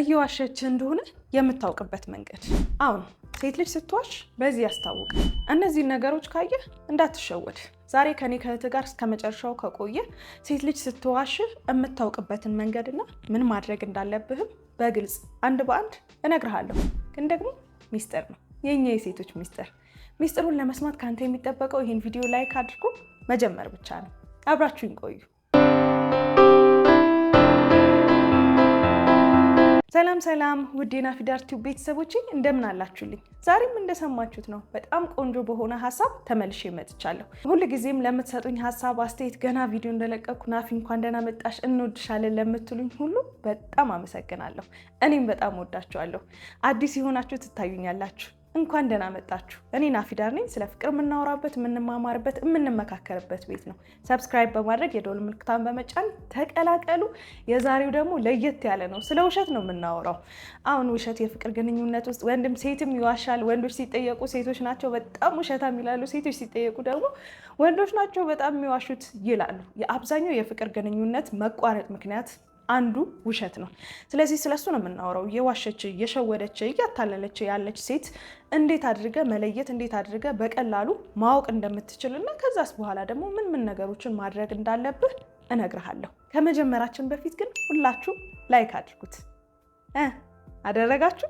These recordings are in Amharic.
እየዋሸች እንደሆነ የምታውቅበት መንገድ። አሁን ሴት ልጅ ስትዋሽ በዚህ ያስታውቃል። እነዚህን ነገሮች ካየህ እንዳትሸወድ። ዛሬ ከኔ ከእህት ጋር እስከ መጨረሻው ከቆየ ሴት ልጅ ስትዋሽህ የምታውቅበትን መንገድና ምን ማድረግ እንዳለብህም በግልጽ አንድ በአንድ እነግርሃለሁ። ግን ደግሞ ሚስጥር ነው፣ የኛ የሴቶች ሚስጥር። ሚስጥሩን ለመስማት ከአንተ የሚጠበቀው ይህን ቪዲዮ ላይክ አድርጎ መጀመር ብቻ ነው። አብራችሁኝ ቆዩ። ሰላም ሰላም ውዴና የናፊዳር ቲዩብ ቤተሰቦች እንደምን አላችሁልኝ? ዛሬም እንደሰማችሁት ነው በጣም ቆንጆ በሆነ ሀሳብ ተመልሼ መጥቻለሁ። ጊዜም ለምትሰጡኝ ሀሳብ አስተያየት፣ ገና ቪዲዮ እንደለቀኩ ናፊ እንኳን ደህና መጣሽ እንወድሻለን ለምትሉኝ ሁሉ በጣም አመሰግናለሁ። እኔም በጣም ወዳችኋለሁ። አዲስ የሆናችሁ ትታዩኛላችሁ እንኳን ደህና መጣችሁ። እኔ ናፊዳር ነኝ። ስለ ፍቅር የምናወራበት፣ የምንማማርበት፣ የምንመካከርበት ቤት ነው። ሰብስክራይብ በማድረግ የደወል ምልክታን በመጫን ተቀላቀሉ። የዛሬው ደግሞ ለየት ያለ ነው። ስለ ውሸት ነው የምናወራው። አሁን ውሸት የፍቅር ግንኙነት ውስጥ ወንድም ሴትም ይዋሻል። ወንዶች ሲጠየቁ ሴቶች ናቸው በጣም ውሸታም ይላሉ። ሴቶች ሲጠየቁ ደግሞ ወንዶች ናቸው በጣም የሚዋሹት ይላሉ። የአብዛኛው የፍቅር ግንኙነት መቋረጥ ምክንያት አንዱ ውሸት ነው። ስለዚህ ስለሱ ነው የምናወራው። የዋሸች የሸወደች እያታለለች ያለች ሴት እንዴት አድርገ መለየት እንዴት አድርገ በቀላሉ ማወቅ እንደምትችል እና ከዛስ በኋላ ደግሞ ምን ምን ነገሮችን ማድረግ እንዳለብህ እነግርሃለሁ። ከመጀመራችን በፊት ግን ሁላችሁ ላይክ አድርጉት። አደረጋችሁ?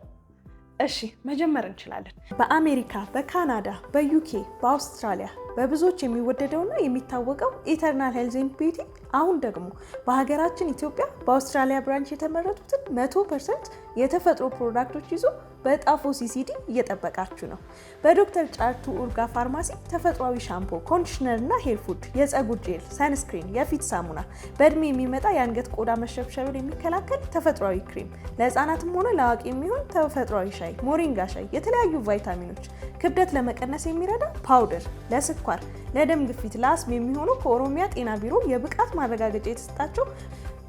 እሺ መጀመር እንችላለን። በአሜሪካ፣ በካናዳ፣ በዩኬ፣ በአውስትራሊያ በብዙዎች የሚወደደውና የሚታወቀው ኢተርናል ሄልዝ ኤንድ ቢዩቲ አሁን ደግሞ በሀገራችን ኢትዮጵያ በአውስትራሊያ ብራንች የተመረቱትን መቶ ፐርሰንት የተፈጥሮ ፕሮዳክቶች ይዞ በጣፎ ሲሲዲ እየጠበቃችሁ ነው። በዶክተር ጫርቱ ኡርጋ ፋርማሲ ተፈጥሯዊ ሻምፖ፣ ኮንዲሽነር እና ሄር ፉድ፣ የፀጉር ጄል፣ ሳንስክሪን፣ የፊት ሳሙና፣ በእድሜ የሚመጣ የአንገት ቆዳ መሸብሸብን የሚከላከል ተፈጥሯዊ ክሬም፣ ለህፃናትም ሆነ ለአዋቂ የሚሆን ተፈጥሯዊ ሻይ፣ ሞሪንጋ ሻይ፣ የተለያዩ ቫይታሚኖች፣ ክብደት ለመቀነስ የሚረዳ ፓውደር፣ ለስኳር፣ ለደም ግፊት፣ ለአስም የሚሆኑ ከኦሮሚያ ጤና ቢሮ የብቃት ማረጋገጫ የተሰጣቸው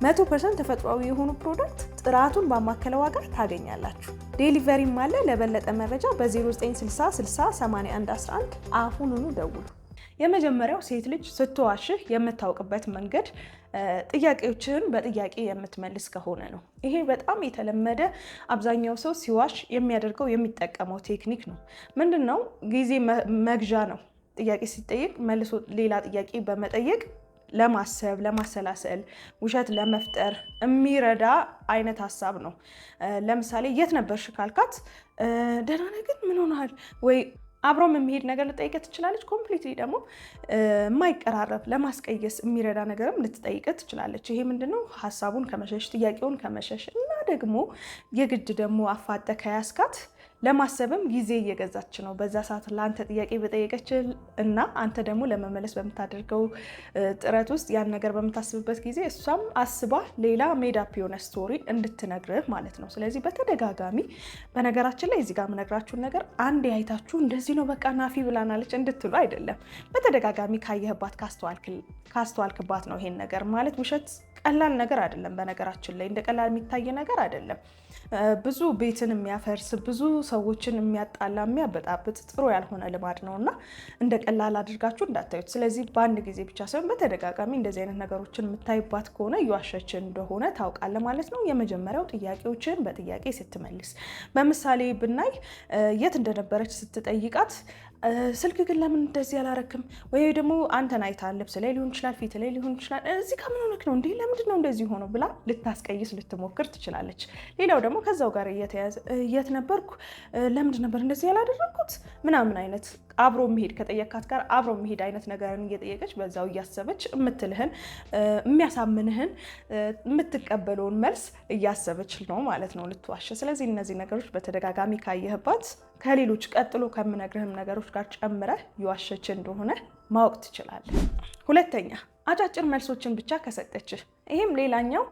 መቶ ፐርሰንት ተፈጥሯዊ የሆኑ ፕሮዳክት ጥራቱን ባማከለ ዋጋ ታገኛላችሁ። ዴሊቨሪም አለ። ለበለጠ መረጃ በ0960608111 አሁኑኑ ደውሉ። የመጀመሪያው ሴት ልጅ ስትዋሽህ የምታውቅበት መንገድ ጥያቄዎችህን በጥያቄ የምትመልስ ከሆነ ነው። ይሄ በጣም የተለመደ አብዛኛው ሰው ሲዋሽ የሚያደርገው የሚጠቀመው ቴክኒክ ነው። ምንድን ነው? ጊዜ መግዣ ነው። ጥያቄ ሲጠይቅ መልሶ ሌላ ጥያቄ በመጠየቅ ለማሰብ ለማሰላሰል ውሸት ለመፍጠር የሚረዳ አይነት ሀሳብ ነው። ለምሳሌ የት ነበርሽ ካልካት ደህና ነህ ግን ምን ሆነሃል ወይ አብሮም የሚሄድ ነገር ልጠይቀ ትችላለች። ኮምፕሊትሊ ደግሞ የማይቀራረብ ለማስቀየስ የሚረዳ ነገርም ልትጠይቀ ትችላለች። ይሄ ምንድነው ሀሳቡን ከመሸሽ ጥያቄውን ከመሸሽ እና ደግሞ የግድ ደግሞ አፋጠ ከያስካት ለማሰብም ጊዜ እየገዛች ነው። በዛ ሰዓት ለአንተ ጥያቄ በጠየቀች እና አንተ ደግሞ ለመመለስ በምታደርገው ጥረት ውስጥ ያን ነገር በምታስብበት ጊዜ እሷም አስባ ሌላ ሜዳፕ የሆነ ስቶሪ እንድትነግርህ ማለት ነው። ስለዚህ በተደጋጋሚ በነገራችን ላይ እዚህ ጋር የምነግራችሁን ነገር አንዴ አይታችሁ እንደዚህ ነው በቃ ናፊ ብላናለች እንድትሉ አይደለም። በተደጋጋሚ ካየህባት ካስተዋልክባት ነው ይሄን ነገር ማለት ውሸት ቀላል ነገር አይደለም። በነገራችን ላይ እንደ ቀላል የሚታይ ነገር አይደለም። ብዙ ቤትን የሚያፈርስ ብዙ ሰዎችን የሚያጣላ የሚያበጣብጥ ጥሩ ያልሆነ ልማድ ነው እና እንደ ቀላል አድርጋችሁ እንዳታዩት። ስለዚህ በአንድ ጊዜ ብቻ ሳይሆን በተደጋጋሚ እንደዚህ አይነት ነገሮችን የምታይባት ከሆነ እየዋሸች እንደሆነ ታውቃለህ ማለት ነው። የመጀመሪያው ጥያቄዎችን በጥያቄ ስትመልስ፣ በምሳሌ ብናይ የት እንደነበረች ስትጠይቃት ስልክ ግን ለምን እንደዚህ አላረክም? ወይ ደግሞ አንተን አይታ ልብስ ላይ ሊሆን ይችላል፣ ፊት ላይ ሊሆን ይችላል። እዚህ ጋር ምን ሆነክ ነው እንዴ? ለምንድን ነው እንደዚህ ሆኖ ብላ ልታስቀይስ ልትሞክር ትችላለች። ሌላው ደግሞ ከዛው ጋር እየተያዘ የት ነበርኩ፣ ለምንድን ነበር እንደዚህ ያላደረግኩት ምናምን አይነት አብሮ መሄድ ከጠየካት ጋር አብሮ መሄድ አይነት ነገርን እየጠየቀች በዛው እያሰበች የምትልህን የሚያሳምንህን የምትቀበለውን መልስ እያሰበች ነው ማለት ነው ልትዋሸ። ስለዚህ እነዚህ ነገሮች በተደጋጋሚ ካየህባት ከሌሎች ቀጥሎ ከምነግርህም ነገሮች ጋር ጨምረህ የዋሸች እንደሆነ ማወቅ ትችላለህ። ሁለተኛ አጫጭር መልሶችን ብቻ ከሰጠችህ፣ ይህም ሌላኛው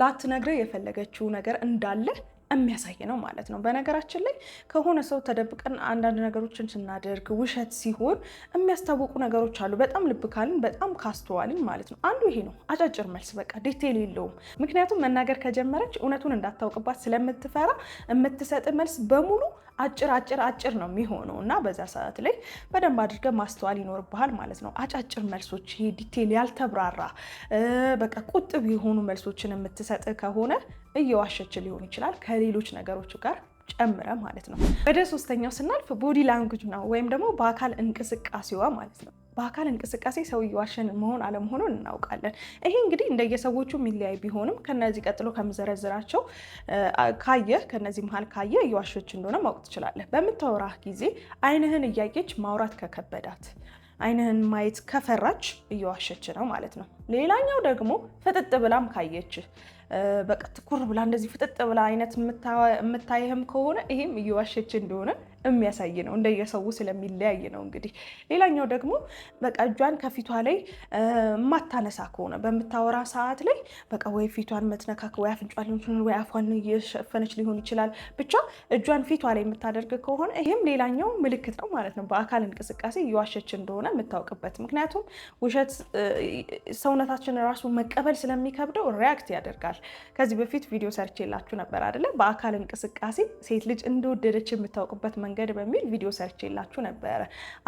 ላትነግርህ የፈለገችው ነገር እንዳለ የሚያሳይ ነው ማለት ነው። በነገራችን ላይ ከሆነ ሰው ተደብቀን አንዳንድ ነገሮችን ስናደርግ ውሸት ሲሆን የሚያስታውቁ ነገሮች አሉ። በጣም ልብ ካልን በጣም ካስተዋልን ማለት ነው። አንዱ ይሄ ነው። አጫጭር መልስ በቃ ዲቴል የለውም። ምክንያቱም መናገር ከጀመረች እውነቱን እንዳታውቅባት ስለምትፈራ የምትሰጥ መልስ በሙሉ አጭር አጭር አጭር ነው የሚሆነው እና በዛ ሰዓት ላይ በደንብ አድርገ ማስተዋል ይኖርብሃል ማለት ነው። አጫጭር መልሶች፣ ይሄ ዲቴል ያልተብራራ በቃ ቁጥብ የሆኑ መልሶችን የምትሰጥ ከሆነ እየዋሸች ሊሆን ይችላል ከሌሎች ነገሮች ጋር ጨምረ ማለት ነው። ወደ ሶስተኛው ስናልፍ ቦዲ ላንጉጅ ነው ወይም ደግሞ በአካል እንቅስቃሴዋ ማለት ነው። በአካል እንቅስቃሴ ሰው እየዋሸን መሆን አለመሆኑን እናውቃለን። ይሄ እንግዲህ እንደየሰዎቹ የሚለያይ ቢሆንም ከነዚህ ቀጥሎ ከምዘረዝራቸው ካየህ ከነዚህ መሀል ካየህ እየዋሸች እንደሆነ ማወቅ ትችላለህ። በምታወራህ ጊዜ አይንህን እያየች ማውራት ከከበዳት አይንህን ማየት ከፈራች እየዋሸች ነው ማለት ነው። ሌላኛው ደግሞ ፍጥጥ ብላም ካየች በቃ ትኩር ብላ እንደዚህ ፍጥጥ ብላ አይነት የምታይህም ከሆነ ይሄም እየዋሸች እንደሆነ የሚያሳይ ነው። እንደየሰው ስለሚለያይ ነው። እንግዲህ ሌላኛው ደግሞ በቃ እጇን ከፊቷ ላይ የማታነሳ ከሆነ በምታወራ ሰዓት ላይ በቃ ወይ ፊቷን መትነካክ ወይ አፍንጫ ሊሆን ይችላል ወይ አፏን እየሸፈነች ሊሆን ይችላል። ብቻ እጇን ፊቷ ላይ የምታደርግ ከሆነ ይህም ሌላኛው ምልክት ነው ማለት ነው። በአካል እንቅስቃሴ እየዋሸች እንደሆነ የምታውቅበት። ምክንያቱም ውሸት ሰውነታችን ራሱ መቀበል ስለሚከብደው ሪያክት ያደርጋል። ከዚህ በፊት ቪዲዮ ሰርቼላችሁ ነበር አይደለ? በአካል እንቅስቃሴ ሴት ልጅ እንደወደደች የምታውቅበት መንገድ መንገድ በሚል ቪዲዮ ሰርች የላችሁ ነበረ።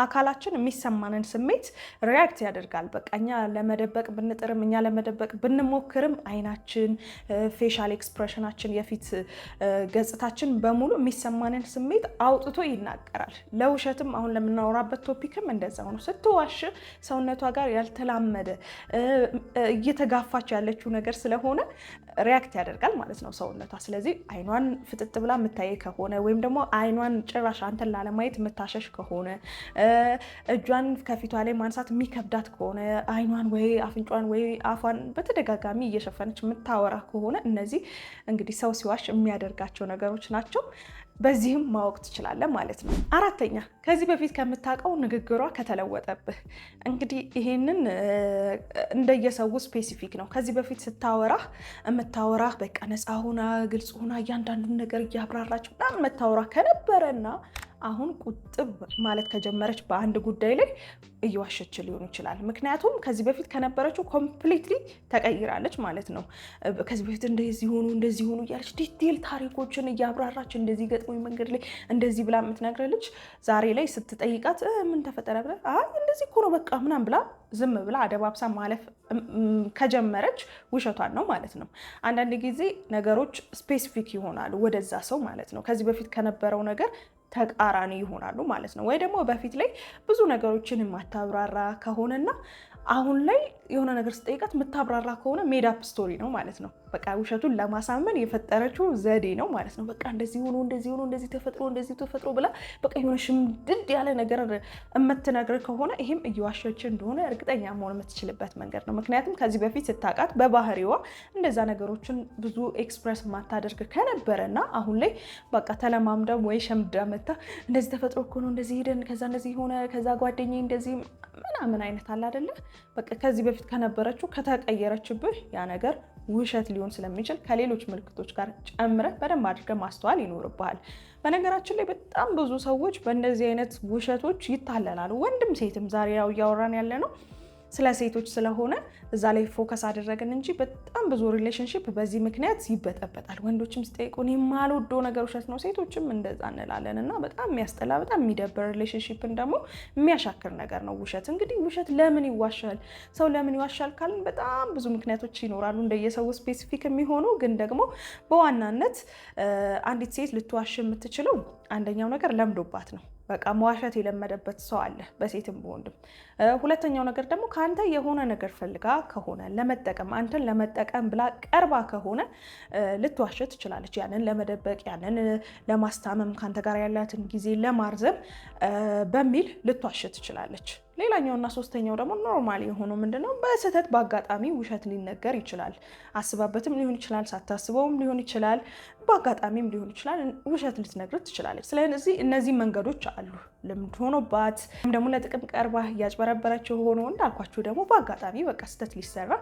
አካላችን የሚሰማንን ስሜት ሪያክት ያደርጋል። በቃ እኛ ለመደበቅ ብንጥርም እኛ ለመደበቅ ብንሞክርም አይናችን፣ ፌሻል ኤክስፕሬሽናችን፣ የፊት ገጽታችን በሙሉ የሚሰማንን ስሜት አውጥቶ ይናገራል። ለውሸትም አሁን ለምናወራበት ቶፒክም እንደዛው ነው። ስትዋሽ ሰውነቷ ጋር ያልተላመደ እየተጋፋች ያለችው ነገር ስለሆነ ሪያክት ያደርጋል ማለት ነው ሰውነቷ። ስለዚህ አይኗን ፍጥጥ ብላ የምታየ ከሆነ ወይም ደግሞ አይኗን ጭራ ጭራሽ አንተን ላለማየት የምታሸሽ ከሆነ እጇን ከፊቷ ላይ ማንሳት የሚከብዳት ከሆነ አይኗን ወይ አፍንጯን ወይ አፏን በተደጋጋሚ እየሸፈነች የምታወራ ከሆነ እነዚህ እንግዲህ ሰው ሲዋሽ የሚያደርጋቸው ነገሮች ናቸው። በዚህም ማወቅ ትችላለን ማለት ነው። አራተኛ ከዚህ በፊት ከምታውቀው ንግግሯ ከተለወጠብህ። እንግዲህ ይሄንን እንደየሰው ስፔሲፊክ ነው። ከዚህ በፊት ስታወራ የምታወራ በቃ ነፃ ሆና ግልጽ ሆና እያንዳንዱን ነገር እያብራራች በጣም መታወራ ከነበረና አሁን ቁጥብ ማለት ከጀመረች በአንድ ጉዳይ ላይ እየዋሸች ሊሆን ይችላል። ምክንያቱም ከዚህ በፊት ከነበረችው ኮምፕሊትሊ ተቀይራለች ማለት ነው። ከዚህ በፊት እንደዚህ ሆኑ እንደዚህ ሆኑ እያለች ዲቴል ታሪኮችን እያብራራች እንደዚህ ገጥሞኝ መንገድ ላይ እንደዚህ ብላ የምትነግረህ ዛሬ ላይ ስትጠይቃት ምን ተፈጠረ ብለ እንደዚህ እኮ ነው በቃ ምናምን ብላ ዝም ብላ አደባብሳ ማለፍ ከጀመረች ውሸቷን ነው ማለት ነው። አንዳንድ ጊዜ ነገሮች ስፔሲፊክ ይሆናሉ ወደዛ ሰው ማለት ነው። ከዚህ በፊት ከነበረው ነገር ተቃራኒ ይሆናሉ ማለት ነው። ወይ ደግሞ በፊት ላይ ብዙ ነገሮችን የማታብራራ ከሆነና አሁን ላይ የሆነ ነገር ስጠይቃት የምታብራራ ከሆነ ሜዳፕ ስቶሪ ነው ማለት ነው። በቃ ውሸቱን ለማሳመን የፈጠረችው ዘዴ ነው ማለት ነው። በቃ እንደዚህ ሆኖ እንደዚህ ሆኖ እንደዚህ ተፈጥሮ እንደዚህ ተፈጥሮ ብላ በቃ የሆነ ሽምድድ ያለ ነገር የምትነግር ከሆነ ይሄም እየዋሸች እንደሆነ እርግጠኛ መሆን የምትችልበት መንገድ ነው። ምክንያቱም ከዚህ በፊት ስታውቃት በባህሪዋ እንደዛ ነገሮችን ብዙ ኤክስፕረስ ማታደርግ ከነበረና አሁን ላይ በቃ ተለማምደም ወይ ሸምዳ መታ እንደዚህ ተፈጥሮ እኮ ነው እንደዚህ ሄደን ከዛ እንደዚህ ሆነ ከዛ ጓደኛ እንደዚህ ምናምን አይነት አለ አይደለ በቃ ከዚህ በፊት በፊት ከነበረችው ከተቀየረችብህ ያ ነገር ውሸት ሊሆን ስለሚችል ከሌሎች ምልክቶች ጋር ጨምረህ በደንብ አድርገህ ማስተዋል ይኖርብሃል። በነገራችን ላይ በጣም ብዙ ሰዎች በእንደዚህ አይነት ውሸቶች ይታለላሉ። ወንድም ሴትም ዛሬ ያው እያወራን ያለ ነው ስለ ሴቶች ስለሆነ እዛ ላይ ፎከስ አደረግን እንጂ በጣም ብዙ ሪሌሽንሽፕ በዚህ ምክንያት ይበጠበጣል። ወንዶችም ሲጠይቁን የማልወደው ነገር ውሸት ነው፣ ሴቶችም እንደዛ እንላለን እና በጣም የሚያስጠላ በጣም የሚደብር ሪሌሽንሽፕን ደግሞ የሚያሻክር ነገር ነው ውሸት። እንግዲህ ውሸት ለምን ይዋሻል? ሰው ለምን ይዋሻል ካልን በጣም ብዙ ምክንያቶች ይኖራሉ እንደየሰው ስፔሲፊክ የሚሆኑ ግን ደግሞ በዋናነት አንዲት ሴት ልትዋሽ የምትችለው አንደኛው ነገር ለምዶባት ነው። በቃ መዋሸት የለመደበት ሰው አለ፣ በሴትም በወንድም። ሁለተኛው ነገር ደግሞ ከአንተ የሆነ ነገር ፈልጋ ከሆነ ለመጠቀም አንተን ለመጠቀም ብላ ቀርባ ከሆነ ልትዋሸ ትችላለች። ያንን ለመደበቅ ያንን ለማስታመም ከአንተ ጋር ያላትን ጊዜ ለማርዘም በሚል ልትዋሸ ትችላለች። ሌላኛውና ሶስተኛው ደግሞ ኖርማል የሆኑ ምንድነው በስህተት በአጋጣሚ ውሸት ሊነገር ይችላል። አስባበትም ሊሆን ይችላል፣ ሳታስበውም ሊሆን ይችላል፣ በአጋጣሚም ሊሆን ይችላል። ውሸት ልትነግር ትችላለች። ስለዚህ እነዚህ መንገዶች አሉ። ልምድ ሆኖባት ወይም ደግሞ ለጥቅም ቀርባ እያጭበረበረችው ሆኖ እንዳልኳችሁ ደግሞ በአጋጣሚ በቃ ስህተት ሊሰራ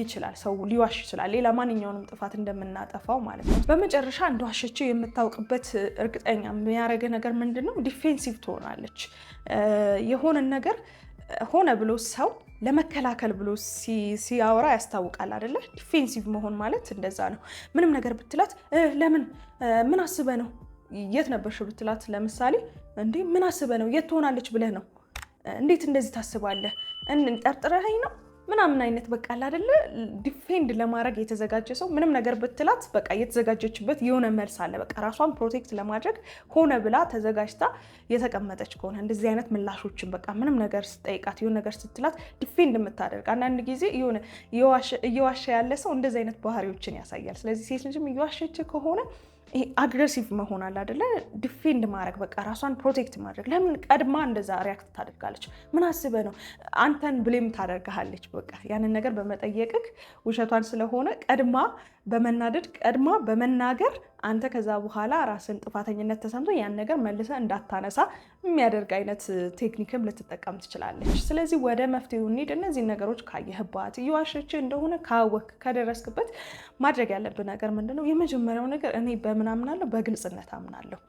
ይችላል። ሰው ሊዋሽ ይችላል። ሌላ ማንኛውንም ጥፋት እንደምናጠፋው ማለት ነው። በመጨረሻ እንደዋሸችው የምታውቅበት እርግጠኛ የሚያደርግህ ነገር ምንድን ነው? ዲፌንሲቭ ትሆናለች የሆነን ነገር ሆነ ብሎ ሰው ለመከላከል ብሎ ሲያወራ ያስታውቃል አይደለ? ዲፌንሲቭ መሆን ማለት እንደዛ ነው። ምንም ነገር ብትላት ለምን ምን አስበ ነው የት ነበርሽ ብትላት፣ ለምሳሌ እንዴ ምን አስበ ነው የት ትሆናለች ብለህ ነው እንዴት እንደዚህ ታስባለህ ጠርጥረኸኝ ነው ምናምን አይነት በቃ አይደለ ዲፌንድ ለማድረግ የተዘጋጀ ሰው ምንም ነገር ብትላት በቃ የተዘጋጀችበት የሆነ መልስ አለ። በቃ ራሷን ፕሮቴክት ለማድረግ ሆነ ብላ ተዘጋጅታ የተቀመጠች ከሆነ እንደዚህ አይነት ምላሾችን በቃ ምንም ነገር ስጠይቃት የሆነ ነገር ስትላት ዲፌንድ የምታደርግ አንዳንድ ጊዜ የሆነ እየዋሸ ያለ ሰው እንደዚህ አይነት ባህሪዎችን ያሳያል። ስለዚህ ሴት ልጅም እየዋሸች ከሆነ ይሄ አግሬሲቭ መሆን አለ አይደለ? ዲፌንድ ማድረግ በቃ ራሷን ፕሮቴክት ማድረግ። ለምን ቀድማ እንደዛ ሪያክት ታደርጋለች? ምን አስበ ነው? አንተን ብሌም ታደርግሃለች። በቃ ያንን ነገር በመጠየቅክ ውሸቷን ስለሆነ ቀድማ በመናደድ ቀድማ በመናገር አንተ ከዛ በኋላ ራስን ጥፋተኝነት ተሰምቶ ያን ነገር መልሰ እንዳታነሳ የሚያደርግ አይነት ቴክኒክም ልትጠቀም ትችላለች። ስለዚህ ወደ መፍትሄው እንሂድ። እነዚህ ነገሮች ካየህባት እየዋሸች እንደሆነ ካወክ ከደረስክበት ማድረግ ያለብን ነገር ምንድነው? የመጀመሪያው ነገር እኔ በምን አምናለሁ? በግልጽነት አምናለሁ።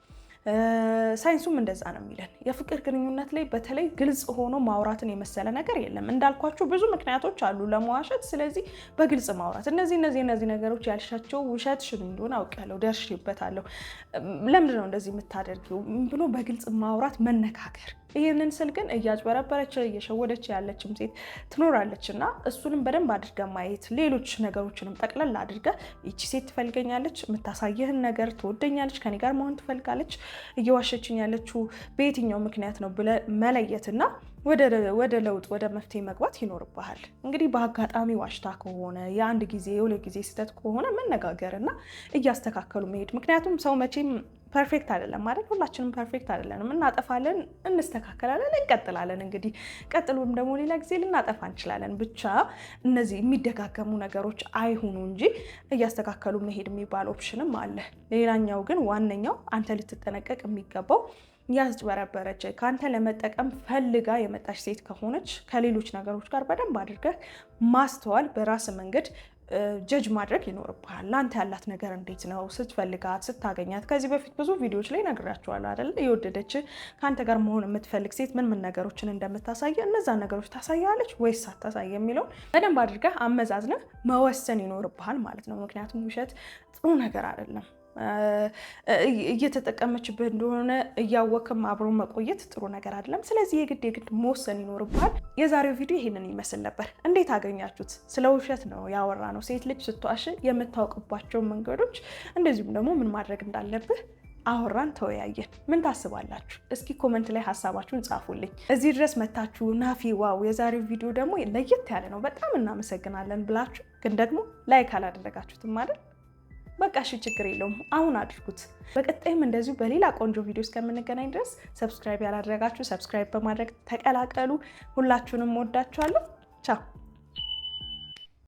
ሳይንሱም እንደዛ ነው የሚለን። የፍቅር ግንኙነት ላይ በተለይ ግልጽ ሆኖ ማውራትን የመሰለ ነገር የለም። እንዳልኳችሁ ብዙ ምክንያቶች አሉ ለመዋሸት። ስለዚህ በግልጽ ማውራት እነዚህ እነዚህ እነዚህ ነገሮች ያልሻቸው ውሸትሽን እንደሆነ አውቄያለሁ፣ ደርሼበታለሁ፣ ለምንድን ነው እንደዚህ የምታደርጊው ብሎ በግልጽ ማውራት መነጋገር ይህንን ስል ግን እያጭበረበረች እየሸወደች ያለችም ሴት ትኖራለች እና እሱንም በደንብ አድርገ ማየት፣ ሌሎች ነገሮችንም ጠቅለል አድርገ ይቺ ሴት ትፈልገኛለች፣ የምታሳይህን ነገር ትወደኛለች፣ ከኔ ጋር መሆን ትፈልጋለች፣ እየዋሸችኝ ያለችው በየትኛው ምክንያት ነው ብለ እና ወደ ለውጥ ወደ መፍትሄ መግባት ይኖርብሃል። እንግዲህ በአጋጣሚ ዋሽታ ከሆነ የአንድ ጊዜ የሁለት ጊዜ ስህተት ከሆነ እና እያስተካከሉ መሄድ ምክንያቱም ሰው መቼም ፐርፌክት አይደለም ማለት ሁላችንም ፐርፌክት አይደለንም። እናጠፋለን፣ እንስተካከላለን፣ እንቀጥላለን። እንግዲህ ቀጥሎም ደግሞ ሌላ ጊዜ ልናጠፋ እንችላለን። ብቻ እነዚህ የሚደጋገሙ ነገሮች አይሁኑ እንጂ እያስተካከሉ መሄድ የሚባል ኦፕሽንም አለ። ሌላኛው ግን ዋነኛው አንተ ልትጠነቀቅ የሚገባው ያስጭበረበረች ከአንተ ለመጠቀም ፈልጋ የመጣች ሴት ከሆነች ከሌሎች ነገሮች ጋር በደንብ አድርገህ ማስተዋል በራስ መንገድ ጀጅ ማድረግ ይኖርብሃል። ለአንተ ያላት ነገር እንዴት ነው? ስትፈልጋት፣ ስታገኛት ከዚህ በፊት ብዙ ቪዲዮዎች ላይ ነግራችኋል አይደለ? የወደደች ከአንተ ጋር መሆን የምትፈልግ ሴት ምን ምን ነገሮችን እንደምታሳየ እነዛን ነገሮች ታሳያለች ወይስ አታሳየ የሚለውን በደንብ አድርገህ አመዛዝነህ መወሰን ይኖርብሃል ማለት ነው። ምክንያቱም ውሸት ጥሩ ነገር አይደለም። እየተጠቀመችብህ እንደሆነ እያወቅም አብሮ መቆየት ጥሩ ነገር አይደለም። ስለዚህ የግድ የግድ መወሰን ይኖርብሃል። የዛሬው ቪዲዮ ይሄንን ይመስል ነበር። እንዴት አገኛችሁት? ስለ ውሸት ነው ያወራ ነው። ሴት ልጅ ስትዋሽ የምታውቅባቸው መንገዶች እንደዚሁም ደግሞ ምን ማድረግ እንዳለብህ አወራን፣ ተወያየን። ምን ታስባላችሁ? እስኪ ኮመንት ላይ ሀሳባችሁን ጻፉልኝ። እዚህ ድረስ መታችሁ ናፊ ዋው የዛሬው ቪዲዮ ደግሞ ለየት ያለ ነው በጣም እናመሰግናለን ብላችሁ ግን ደግሞ ላይክ አላደረጋችሁትም ማለት በቃ እሺ፣ ችግር የለውም አሁን አድርጉት። በቀጣይም እንደዚሁ በሌላ ቆንጆ ቪዲዮ እስከምንገናኝ ድረስ ሰብስክራይብ ያላደረጋችሁ ሰብስክራይብ በማድረግ ተቀላቀሉ። ሁላችሁንም ወዳችኋለሁ። ቻው